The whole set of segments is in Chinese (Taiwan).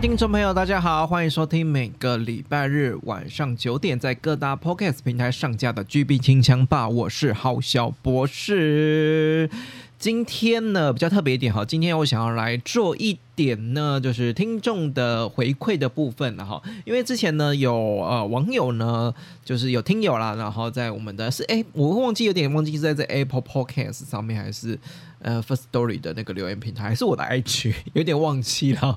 聽眾朋友，大家好，歡迎收聽每個禮拜日晚上九點在各大 podcast 平台上架的 GV 清槍吧，我是浩小博士。今天呢比較特別一點哈，今天我想要來做一。點呢，就是聽眾的回饋的部分了哈。因為之前呢，有呃網友呢，就是有聽友啦，然後在我們的是哎、欸，我忘記有點忘記是在這 Apple Podcast 上面還是呃 First Story 的那個留言平台，還是我的 IG，有點忘記了。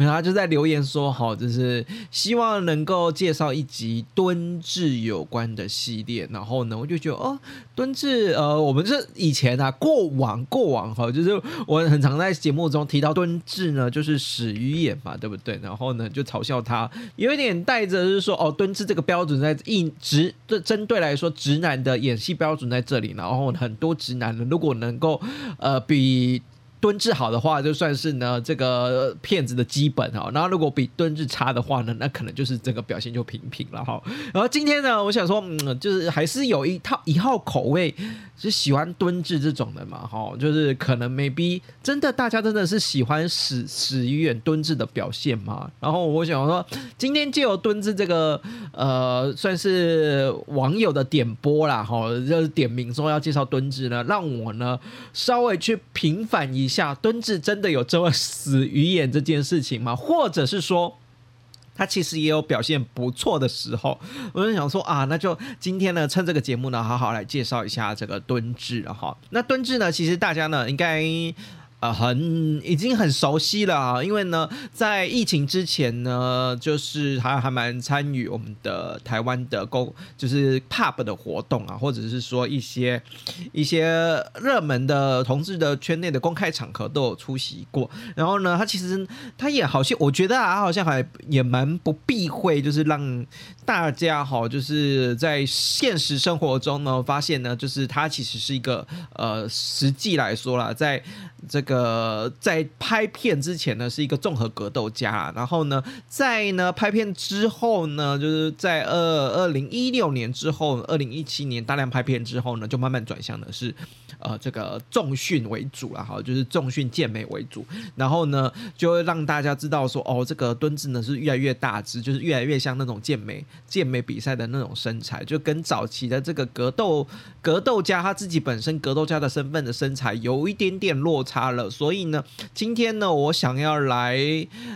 他就在留言說，好，就是希望能夠介紹一集敦志有關的系列。然後呢，我就覺得哦，敦志呃，我們就是以前啊，過往過往哈，就是我很常在節目中提到敦志呢。就是死魚眼嘛，對不對？然後呢，就嘲笑他，有一點帶着，就是說哦，敦志這個標準在一直，對針對來說，直男的演戲標準在這裡。然後呢，很多直男呢，如果能夠呃比。蹲置好的話，就算是呢這個片子的基本哦。然後如果比敦志差的話呢，那可能就是這個表現就平平了哈。然後今天呢，我想說，嗯，就是還是有一套一號口味，是喜歡敦志這種的嘛哈。就是可能 maybe 真的大家真的是喜歡死死魚眼敦志的表現嘛。然後我想說，今天藉由敦志這個呃，算是網友的點播啦哈，就是點名說要介紹敦志呢，讓我呢稍微去平反一下。下敦志真的有這麼死魚眼這件事情嗎？或者是說，他其實也有表現不錯的時候？我就想說啊，那就今天呢，趁這個節目呢，好好來介紹一下這個敦志。哈。那敦志呢，其實大家呢，應該。很已經很熟悉了啊，因為呢，在疫情之前呢，就是還還蠻參與我們的台灣的公，就是 PUB 的活動啊，或者是說一些一些熱門的同志的圈內的公開場合都有出席過。然後呢，他其實他也好像，我覺得啊，好像還也蠻不避諱，就是讓大家哈，就是在現實生活中呢，發現呢，就是他其實是一個呃，實際來說啦，在這個。呃、這個，在拍片之前呢，是一個綜合格鬥家。然後呢，在呢拍片之後呢，就是在二二零一六年之後，二零一七年大量拍片之後呢，就慢慢轉向的是呃這個重訓為主了哈，就是重訓健美為主。然後呢，就會讓大家知道說，哦，這個敦志呢是越來越大只，就是越來越像那種健美健美比賽的那種身材，就跟早期的這個格鬥格鬥家他自己本身格鬥家的身份的身材有一點點落差了。所以呢，今天呢，我想要來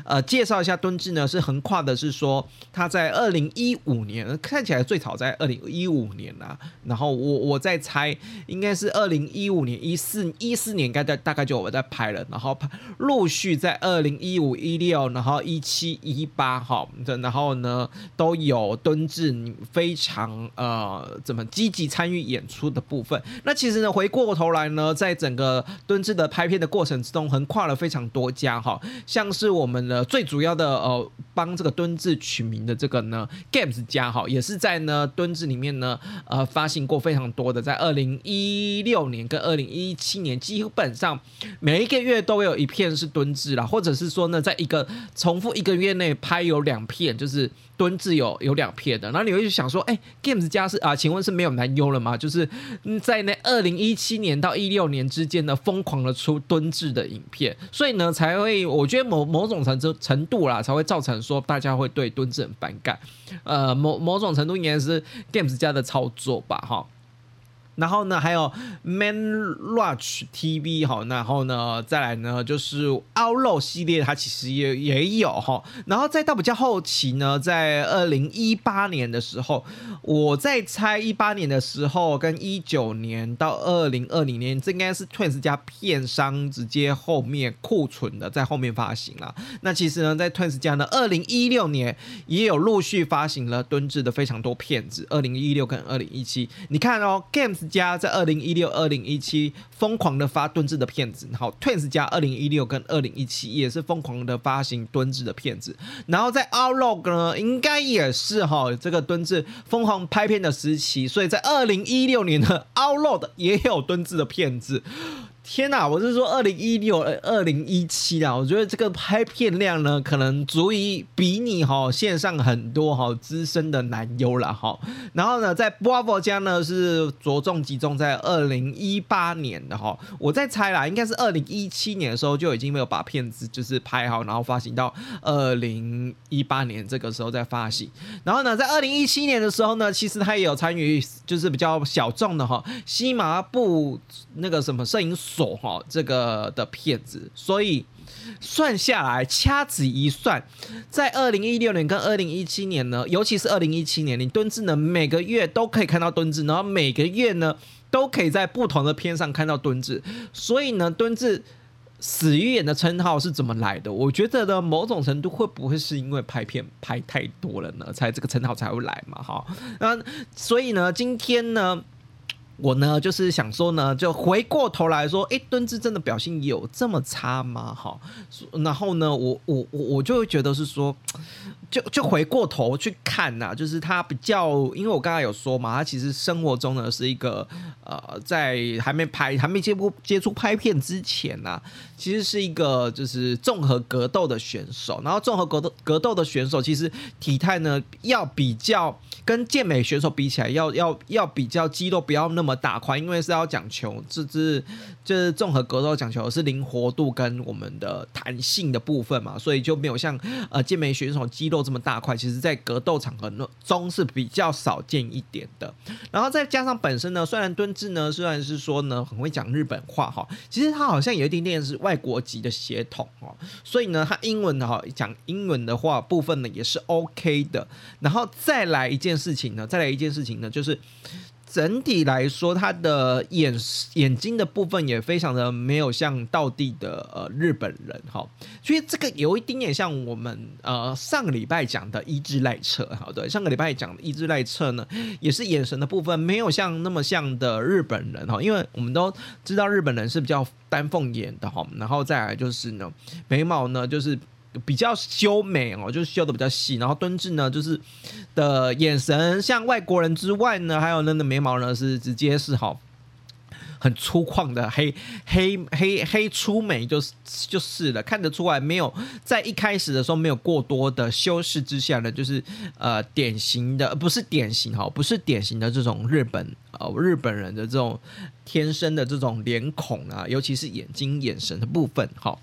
呃介紹一下敦志呢，是橫跨的，是說他在二零一五年看起來最早在二零一五年啊，然後我我在猜應該是二零一五年一四一四年該，該大大概就我在拍了，然後拍陸續在二零一五一六，然後一七一八哈，然後呢都有敦志非常呃怎麼積極參與演出的部分。那其實呢，回過頭來呢，在整個敦志的拍片的過程之中橫跨了非常多家哈，像是我們的最主要的呃，幫這個敦志取名的這個呢，Games 家哈，也是在呢敦志裡面呢呃發行過非常多的，在二零一六年跟二零一七年，基本上每一個月都有一片是敦志啦，或者是說呢，在一個重複一個月內拍有兩片就是。敦志有有兩片的，然後你會去想說，哎，Games 家是啊，請問是沒有男優了嗎？就是在那二零一七年到一六年之間的瘋狂的出敦志的影片，所以呢才會，我覺得某某種程度程度啦，才會造成說大家會對敦志很反感，呃，某某種程度應該是 Games 家的操作吧，哈。然後呢，還有 Men's Rush TV 哈，然後呢，再來呢就是 Outlaw 系列，它其實也也有哈，然後再到比較後期呢，在二零一八年的時候，我在猜一八年的時候跟一九年到二零二零年，這應該是 Twins 家片商直接後面庫存的，在後面發行了。那其實呢，在 Twins 家呢，二零一六年也有陸續發行了敦志的非常多片子，二零一六跟二零一七，你看哦 Games。加在二零一六、二零一七瘋狂的發敦志的片子，然後 Twins 加二零一六跟二零一七也是瘋狂的發行敦志的片子，然後在 Outlog 呢應該也是哈，這個敦志瘋狂拍片的時期，所以在二零一六年的 Outlog 也有敦志的片子。天吶、啊，我是說二零一六二零一七啦，我覺得這個拍片量呢，可能足以比擬哈、哦、線上很多哈、哦、資深的男優了哈。然後呢，在 Bravo 家呢是着重集中在二零一八年的哈，我在猜啦，應該是二零一七年的時候就已經沒有把片子就是拍好，然後發行到二零一八年這個時候再發行。然後呢，在二零一七年的時候呢，其實他也有參與就是比較小眾的哈西麻布那個什麼攝影。走哈、哦，這個的片子，所以算下來掐指一算，在二零一六年跟二零一七年呢，尤其是二零一七年，你敦志呢每個月都可以看到敦志，然後每個月呢都可以在不同的片上看到敦志，所以呢，敦志死魚眼的稱號是怎麼來的？我覺得呢，某種程度會不會是因為拍片拍太多了呢，才這個稱號才會來嘛？哈、哦，那所以呢，今天呢？我呢，就是想說呢，就回過頭來說，誒、欸，敦志真的表現有這麼差嗎？哈，然後呢，我我我就會覺得是說。就就回過頭去看吶、啊，就是他比較，因為我剛才有說嘛，他其實生活中呢是一個呃，在還沒拍、還沒接不接觸拍片之前吶、啊，其實是一個就是綜合格鬥的選手。然後綜合格鬥格鬥的選手，其實體態呢要比較跟健美選手比起來，要要要比較肌肉不要那麼大塊，因為是要講求這是就是綜、就是、綜合格鬥講求的是靈活度跟我們的彈性的部分嘛，所以就沒有像呃健美選手肌肉這麼大塊，其實，在格鬥場合中是比較少見一點的。然後再加上本身呢，雖然敦志呢，雖然是說呢，很會講日本話哈，其實他好像有一點點是外國籍的血統哦，所以呢，他英文的哈，講英文的話的部分呢，也是 OK 的。然後再來一件事情呢，再來一件事情呢，就是。整體來說，他的眼眼睛的部分也非常的沒有像道地的呃日本人哈、哦，所以這個有一丁點像我們呃上個禮拜講的伊智賴車。哈，對，上個禮拜講的伊智賴車呢，也是眼神的部分沒有像那麼像的日本人哈、哦，因為我們都知道日本人是比較丹鳳眼的哈、哦，然後再來就是呢眉毛呢就是。比較修眉哦、喔，就是修得比較細，然後敦志呢，就是的眼神像外國人之外呢，還有那個的眉毛呢是直接是好很粗獷的黑黑黑黑粗眉就是就是了，看得出來沒有在一開始的時候沒有過多的修飾之下呢，就是呃典型的不是典型哈、喔，不是典型的這種日本呃、喔、日本人的這種天生的這種臉孔啊，尤其是眼睛眼神的部分哈。喔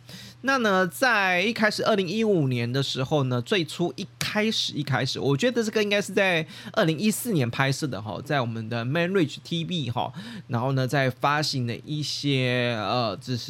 那呢，在一開始，二零一五年的時候呢，最初一開始一開始，我覺得這個應該是在二零一四年拍攝的哈，在我們的 Men's Rush.TV 哈，然後呢，在發行的一些呃是是，就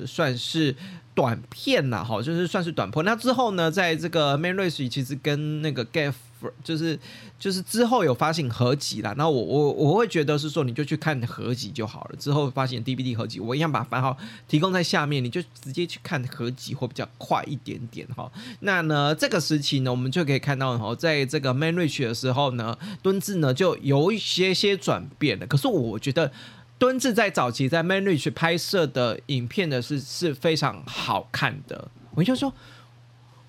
是算是短片吶，哈，就是算是短片。那之後呢，在這個 Men's Rush 其實跟那個 Gaff。就是就是之後有發行合集啦。那我我我會覺得是說你就去看合集就好了。之後發行 DVD 合集，我一樣把番號提供在下面，你就直接去看合集會比較快一點點哈。那呢，這個時期呢，我們就可以看到哈，在這個 Men's Rush 的時候呢，敦志呢就有一些些轉變了。可是我覺得敦志在早期在 Men's Rush 拍攝的影片呢，是是非常好看的。我就說。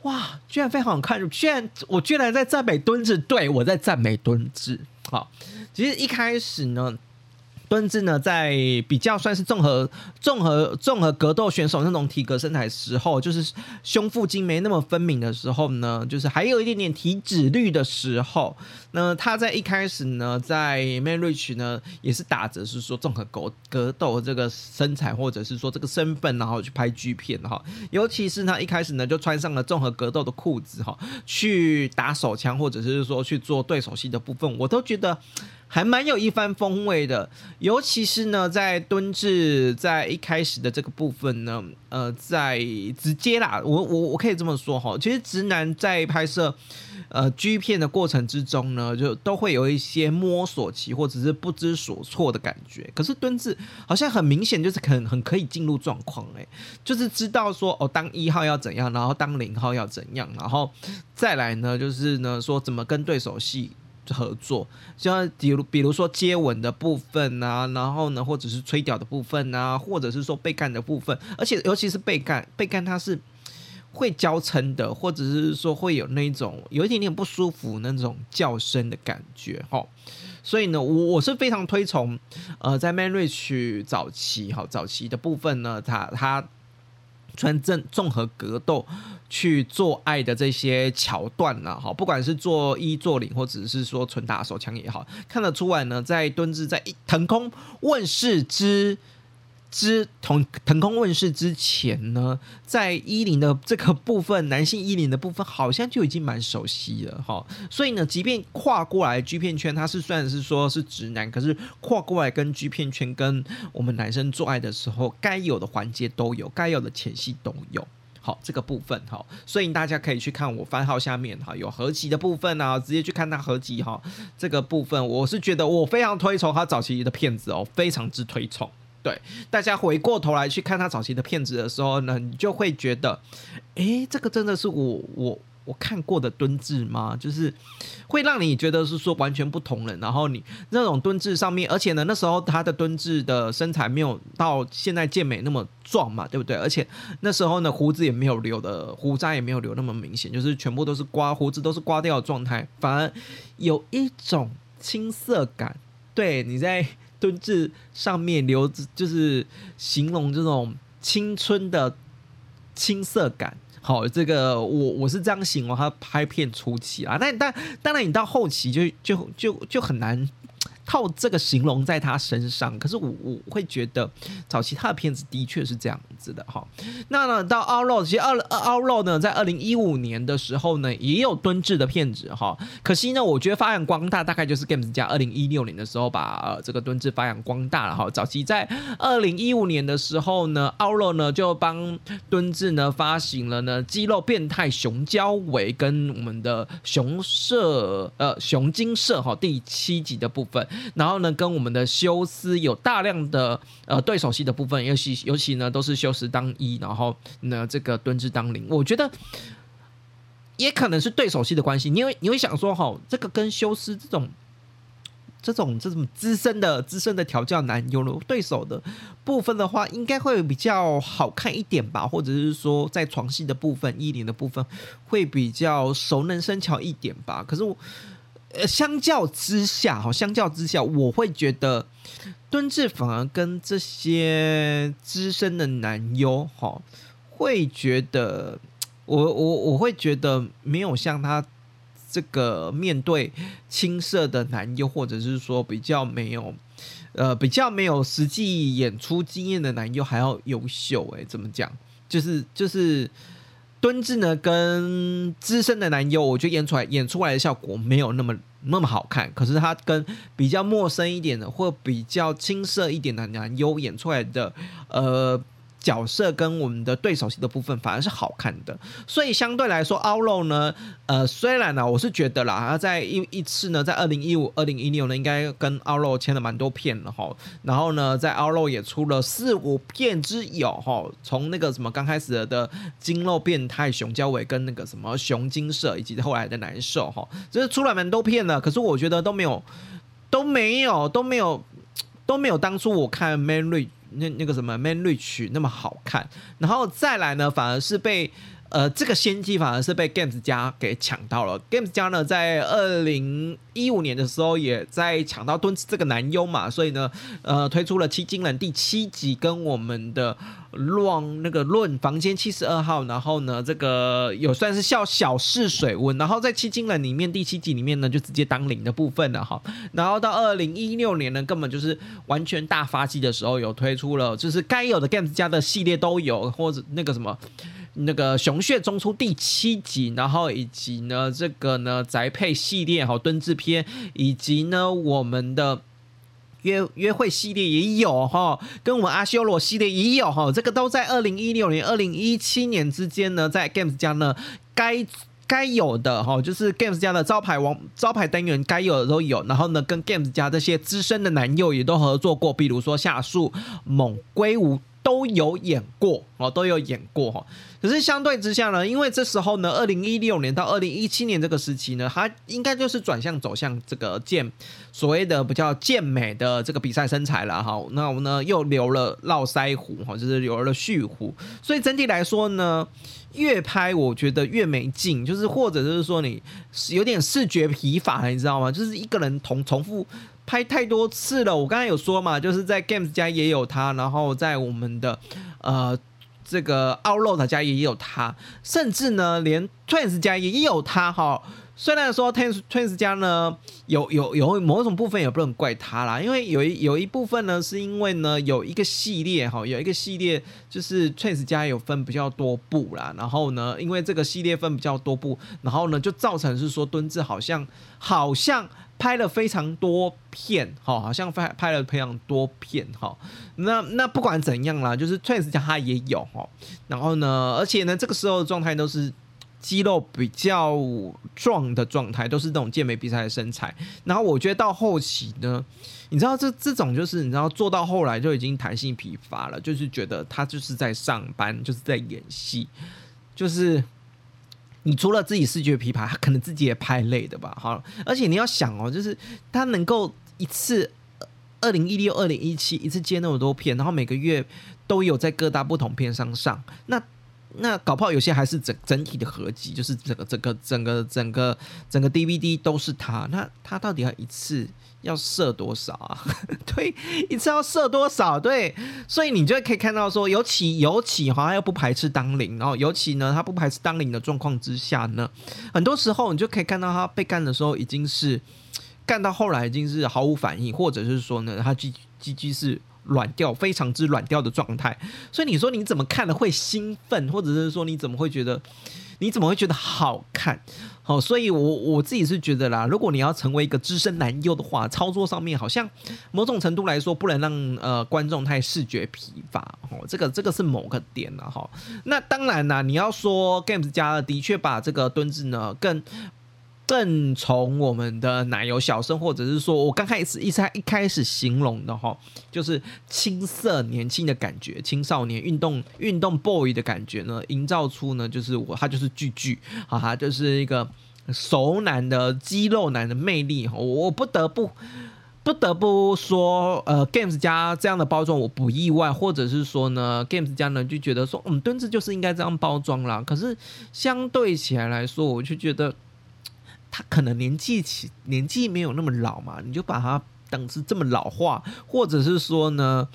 哇！居然非常好看，居然我居然在讚美敦志，對我在讚美敦志。好、哦，其實一開始呢。敦志呢，在比較算是綜合、綜合、綜合格鬥選手那種體格身材的時候，就是胸腹肌沒那麼分明的時候呢，就是還有一點點體脂率的時候，那他在一開始呢，在 Men's Rush 呢也是打着是說綜合格格鬥這個身材或者是說這個身份，然後去拍 G 片哈，尤其是他一開始呢就穿上了綜合格鬥的褲子哈，去打手槍或者是說去做對手戲的部分，我都覺得。還蠻有一番風味的，尤其是呢，在敦志在一開始的這個部分呢，呃，在直接啦，我我我可以這麼說哈，其實直男在拍攝呃 G 片的過程之中呢，就都會有一些摸索期或者是不知所措的感覺。可是敦志好像很明顯就是很很可以進入狀況，哎，就是知道說哦，當一號要怎樣，然後當零號要怎樣，然後再來呢，就是呢說怎麼跟對手戲。合作，像比如比如說接吻的部分啊，然後呢，或者是吹屌的部分啊，或者是說被幹的部分，而且尤其是被幹被幹，他是會嬌嗔的，或者是說會有那種有一點點不舒服那種叫聲的感覺哈、哦。所以呢，我我是非常推崇呃，在 Men's Rush 早期哈、哦，早期的部分呢，他他。穿正綜合格鬥去做愛的這些橋段呢、啊？哈，不管是做一做零，或者是說純打手槍也好，看得出來呢，在蹲姿，在騰空問世之。之同騰空問世之前呢，在衣領的這個部分，男性衣領的部分，好像就已經蠻熟悉了哈。所以呢，即便跨過來 G 片圈，他是算是說是直男，可是跨過來跟 G 片圈跟我們男生做愛的時候，該有的環節都有，該有的前戲都有。好，這個部分哈，所以大家可以去看我番號下面哈，有合集的部分啊，直接去看他合集哈。這個部分，我是覺得我非常推崇他早期的片子哦，非常之推崇。對，大家回過頭來去看他早期的片子的時候呢，你就會覺得，誒，這個真的是我我我看過的敦志嗎？就是會讓你覺得是說完全不同了。然後你那種敦志上面，而且呢，那時候他的敦志的身材沒有到現在健美那麼壯嘛，對不對？而且那時候呢，鬍子也沒有留的，鬍渣也沒有留那麼明顯，就是全部都是刮鬍子都是刮掉的狀態，反而有一種青澀感。對你在。敦志上面留，就是形容這種青春的青澀感。好，這個我我是這樣形容他拍片初期啊，但但當然你到後期就就就就，就很難。靠這個形容在他身上，可是我我會覺得早期他的片子的確是這樣子的哈。那呢到奧洛，其實奧奧洛呢，在二零一五年的時候呢，也有敦志的片子哈。可惜呢，我覺得發揚光大大概就是 Games 家二零一六年的時候把呃這個敦志發揚光大了哈。早期在二零一五年的時候呢，奧洛呢就幫敦志呢發行了呢肌肉變態雄交尾跟我們的雄射呃雄精射哈，第七集的部分。然後呢，跟我們的修斯有大量的呃對手戲的部分，尤其尤其呢都是修斯當一，然後呢這個敦志當零，我覺得也可能是對手戲的關係。你會你會想說哈、哦，這個跟修斯這種這種這種資深的資深的調教男有了對手的部分的話，應該會比較好看一點吧？或者是說在床戲的部分、衣領的部分會比較熟能生巧一點吧？可是我。呃，相較之下，哈，相較之下，我會覺得敦志，反而跟這些資深的男優，哈，會覺得，我我我會覺得沒有像他這個面對青澀的男優，或者是說比較沒有，呃，比較沒有實際演出經驗的男優還要優秀欸，誒，怎麼講？就是就是。敦志呢，跟資深的男優，我覺得演出來演出來的效果沒有那麼那麼好看。可是他跟比較陌生一點的或比較青澀一點的男優演出來的，呃。角色跟我們的對手戲的部分反而是好看的，所以相對來說，奧露呢，呃，雖然呢、啊，我是覺得啦，他在一一次呢，在二零一五、二零一六呢，應該跟奧露簽了蠻多片的哈，然後呢，在奧露也出了四五片之有哈，從那個什麼剛開始的的筋肉變態雄交尾跟那個什麼雄精射，以及後來的男獸哈，就是出了蠻多片了，可是我覺得都沒有，都沒有，都沒有，都沒有當初我看 Men's Rush 那那個什麼《Men's Rush》那麼好看，然後再來呢，反而是被。呃，這個先機反而是被 Games 家給搶到了。Games 家呢，在二零一五年的時候，也在搶到敦志這個男優嘛，所以呢，呃，推出了《七金人》第七集跟我們的《亂那個論房間七十二號》，然後呢，這個有算是小小試水溫，然後在《七金人》裡面第七集裡面呢，就直接當零的部分了哈。然後到二零一六年呢，根本就是完全大發跡的時候，有推出了，就是該有的 Games 家的系列都有，或者那個什麼。那個《雄穴》中出第七集，然後以及呢，這個呢《宅配》系列哈，《蹲制片》，以及呢我們的約約會系列也有哈，跟我們阿修羅系列也有哈，這個都在二零一六年、二零一七年之間呢，在 Games 家呢該該有的哈，就是 Games 家的招牌王招牌單元該有的都有，然後呢跟 Games 家這些資深的男優也都合作過，比如說夏樹猛龜無。都有演過哦，都有演過哈。可是相對之下呢，因為這時候呢，二零一六年到二零一七年這個時期呢，他應該就是轉向走向這個健所謂的比較健美的這個比賽身材了哈。那我們呢又留了絡腮鬍哈，就是留了蓄鬍。所以整體來說呢，越拍我覺得越沒勁，就是或者就是說你有點視覺疲乏了，你知道嗎？就是一個人同重複。拍太多次了，我剛才有說嘛，就是在 Games 家也有他，然後在我們的呃，這個 Outload 家也有他，甚至呢連 Trans 家也有他哈。雖然說 Tens, Trans Trans 家呢有有有某種部分也不能怪他啦，因為有一有一部分呢是因為呢有一個系列哈，有一個系列就是 Trans 家有分比較多部啦，然後呢因為這個系列分比較多部，然後呢就造成是說敦志好像好像。好像拍了非常多片，哈，好像拍拍了非常多片，哈。那那不管怎樣啦，就是 Trans 他也有哈，然後呢，而且呢，這個時候的狀態都是肌肉比較壯的狀態，都是這種健美比賽的身材。然後我覺得到後期呢，你知道這這種就是你知道做到後來就已經彈性疲乏了，就是覺得他就是在上班，就是在演戲，就是。你除了自己視覺疲乏，可能自己也拍累的吧。好，而且你要想哦，就是他能夠一次二零一六、二零一七一次接那麼多片，然後每個月都有在各大不同片商上。那那搞不好有些還是整整體的合集，就是整個整個整個整個整個 DVD 都是他。那他到底要一次要射多少啊？ 對，一次要射多少？對，所以你就可以看到說，尤其尤其好像又不排斥當零，然後尤其呢，他不排斥當零的狀況之下呢，很多時候你就可以看到他被幹的時候已經是幹到後來已經是毫無反應，或者是說呢，他積幾乎是軟掉，非常之軟掉的狀態。所以你說你怎麼看了會興奮，或者是說你怎麼會覺得，你怎麼會覺得好看？哦，所以我我自己是覺得啦，如果你要成為一個資深男優的話，操作上面好像某種程度來說，不能讓呃觀眾太視覺疲乏哦，這個這個是某個點了、啊、哈、哦。那當然啦，你要說 Games 家的，的確把這個敦志呢更。更從我們的奶油小生，或者是說我剛開始一開一開始形容的吼，就是青澀年輕的感覺，青少年運動運動 boy 的感覺呢，營造出呢，就是我他就是巨巨，哈，他就是一個熟男的肌肉男的魅力。我不得不不得不說，呃，games 家這樣的包裝我不意外，或者是說呢，games 家呢就覺得說，嗯，敦志就是應該這樣包裝啦，可是相對起來來說，我就覺得。他可能年紀輕年紀沒有那麼老嘛，你就把他當成這麼老化，或者是說呢，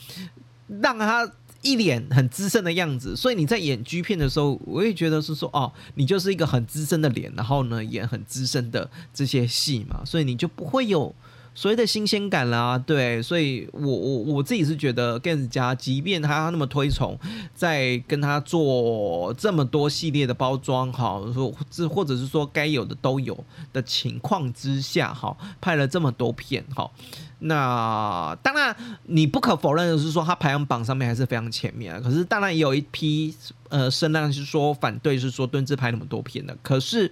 讓他一臉很資深的樣子，所以你在演 G 片的時候，我也覺得是說哦，你就是一個很資深的臉，然後呢演很資深的這些戲嘛，所以你就不會有。所謂的新鮮感啦，啊，對，所以我我我自己是覺得 Gans 家即便他那麼推崇，在跟他做這麼多系列的包裝，好，或或者是說該有的都有的情況之下，哈，拍了這麼多片，哈，那當然你不可否認的是說，他排行榜上面還是非常前面，可是當然也有一批呃聲量是說反對，是說敦志拍那麼多片的，可是。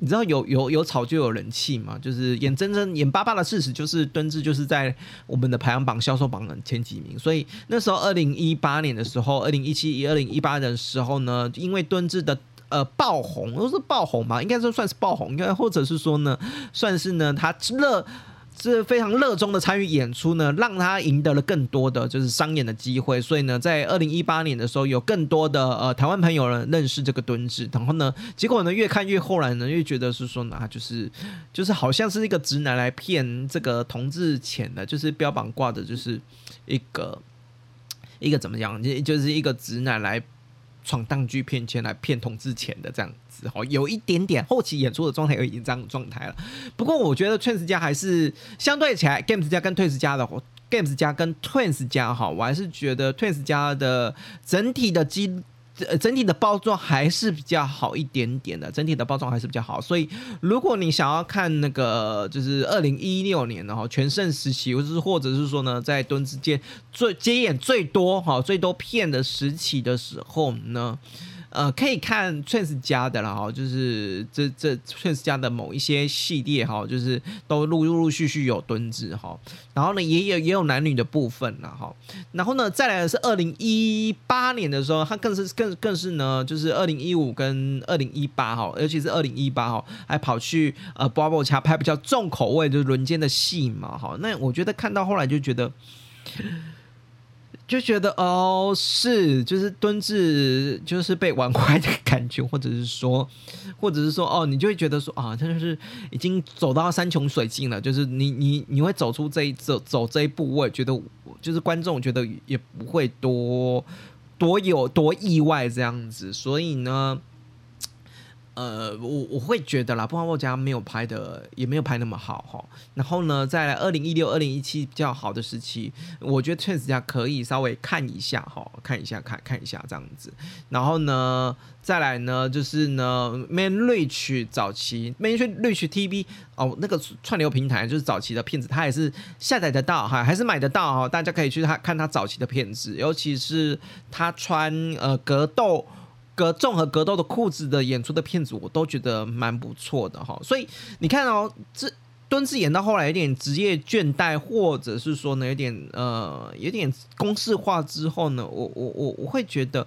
你知道有有有炒就有人氣嘛？就是眼睜睜、眼巴巴的事實，就是敦志就是在我們的排行榜銷售榜的前幾名。所以那時候，二零一八年的時候，二零一七、二零一八的時候呢，因為敦志的呃爆紅，都是爆紅嘛，應該說算是爆紅，應該或者是說呢，算是呢他熱。是非常熱衷的參與演出呢，讓他贏得了更多的就是商演的機會。所以呢，在二零一八年的時候，有更多的呃台灣朋友呢認識這個敦志。然後呢，結果呢越看越後來呢，越覺得是說呢，啊、就是就是好像是一個直男來騙這個同志錢的，就是標榜掛的就是一個一個怎麼講，就就是一個直男來。闖蕩劇片圈來騙同志錢的這樣子哦，有一點點後期演出的狀態，有已經這樣狀態了。不過我覺得 Twins 家還是相對起來，Games 家跟 Twins 家的 Games 家跟 Twins 家哈，我還是覺得 Twins 家的整體的基。整整體的包裝還是比較好一點點的，整體的包裝還是比較好，所以如果你想要看那個，就是二零一六年的話，全盛時期，或者是說呢，在敦志最接演最多哈，最多片的時期的時候呢。呃，可以看 trans 家的了哈，就是這這 trans 家的某一些系列哈，就是都陸陸續續有敦志哈，然後呢，也有也有男女的部分了哈，然後呢，再來的是二零一八年的時候，他更是更更是呢，就是二零一五跟二零一八哈，尤其是二零一八哈，還跑去呃 BRAVO 家拍比較重口味，就是輪奸的戲嘛哈，那我覺得看到後來就覺得。就覺得哦，是，就是敦志，就是被玩壞的感覺，或者是說，或者是說哦，你就會覺得說啊，他、哦、就是已經走到山窮水盡了，就是你你你會走出這一走走這一步，我也覺得就是觀眾覺得也不會多多有多意外這樣子，所以呢。呃，我我會覺得啦，布蘭伯家沒有拍的，也沒有拍那麼好哈。然後呢，在二零一六、二零一七比較好的時期，我覺得確實家可以稍微看一下哈，看一下看看一下這樣子。然後呢，再來呢，就是呢，Men's Rush 早期，Men's Rush.TV 哦，那個串流平台就是早期的片子，它也是下載得到哈，還是買得到哈，大家可以去他看他早期的片子，尤其是他穿呃格鬥，個綜合格鬥的褲子的演出的片子，我都覺得蠻不錯的哈。所以你看哦，這敦志演到後來有點職業倦怠，或者是說呢，有點呃有點公式化之後呢，我我我我會覺得，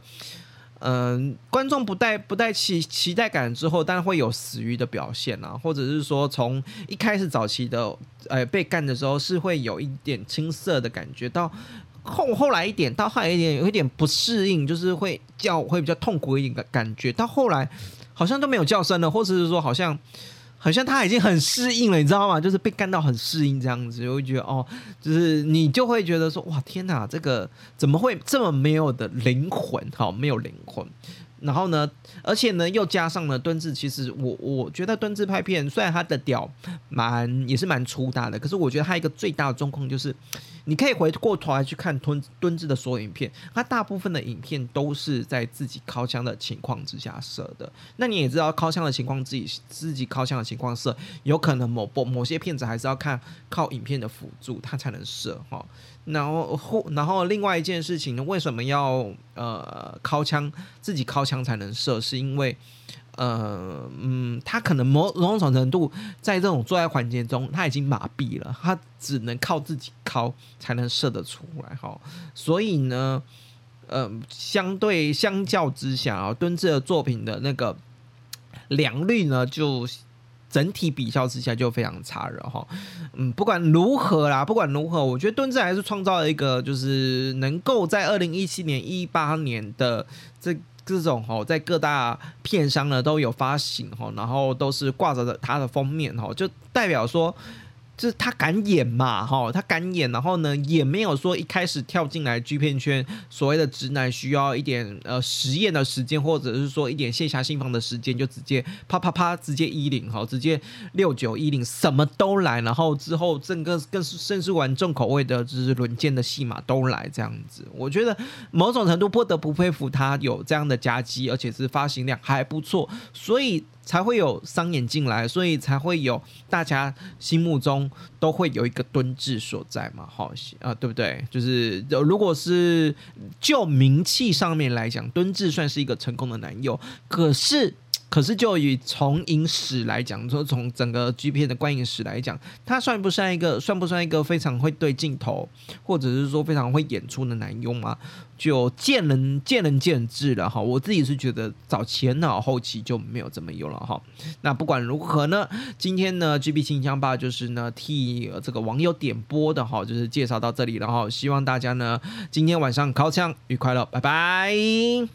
嗯、呃，觀眾不帶不帶期期待感之後，但會有死魚的表現啊，或者是說從一開始早期的呃被幹的時候，是會有一點青澀的感覺到。後後來一點到後來一點有一點不適應，就是會叫會比較痛苦一點的感覺。到後來好像都沒有叫聲了，或者是說好像好像他已經很適應了，你知道嗎？就是被幹到很適應這樣子，我會覺得哦，就是你就會覺得說哇天哪，這個怎麼會這麼沒有的靈魂？好、哦，沒有靈魂。然後呢，而且呢，又加上了敦志。其實我我覺得敦志拍片，雖然它的屌蠻也是蠻粗大的，可是我覺得它一個最大的狀況就是，你可以回過頭來去看敦敦志的所有影片，它大部分的影片都是在自己尻槍的情況之下射的。那你也知道，尻槍的情況自己自己尻槍的情況射，有可能某部某些片子還是要看靠影片的輔助，它才能射。哈、哦。然後後，然後另外一件事情，為什麼要呃尻槍，自己尻槍才能射？是因為，呃嗯，他可能某某種程度，在這種作案環節中，他已經麻痹了，他只能靠自己尻才能射得出來哈。所以呢，呃，相對相較之下啊，敦志的作品的那個良率呢就。整體比較之下就非常差了哈，嗯，不管如何啦，不管如何，我覺得敦志還是創造了一個，就是能夠在二零一七年、一八年的這這種哈，在各大片商呢都有發行哈，然後都是掛着他的封面哈，就代表說。就是他敢演嘛，吼，他敢演，然後呢，也沒有說一開始跳進來 G 片圈，所謂的直男需要一點呃實驗的時間，或者是說一點卸下心防的時間，就直接啪啪啪，直接一零吼，直接六九一零什麼都來，然後之後整個更是甚至玩重口味的，就是輪姦的戲碼都來這樣子，我覺得某種程度不得不佩服他有這樣的夾擊，而且是發行量還不錯，所以。才會有商演進來，所以才會有大家心目中都會有一個敦志所在嘛，好啊，對不對？就是如果是就名氣上面來講，敦志算是一個成功的男優，可是。可是就以從影史來講，說從整個 G 片的觀影史來講，他算不算一個，算不算一個非常會對鏡頭，或者是說非常會演出的男優啊？就見人見仁見智了哈。我自己是覺得早前呢後期就沒有這麼用了哈。那不管如何呢，今天呢 G B 信箱吧，就是呢替這個網友點播的哈，就是介紹到這裡，然後希望大家呢今天晚上尻槍愉快了，拜拜。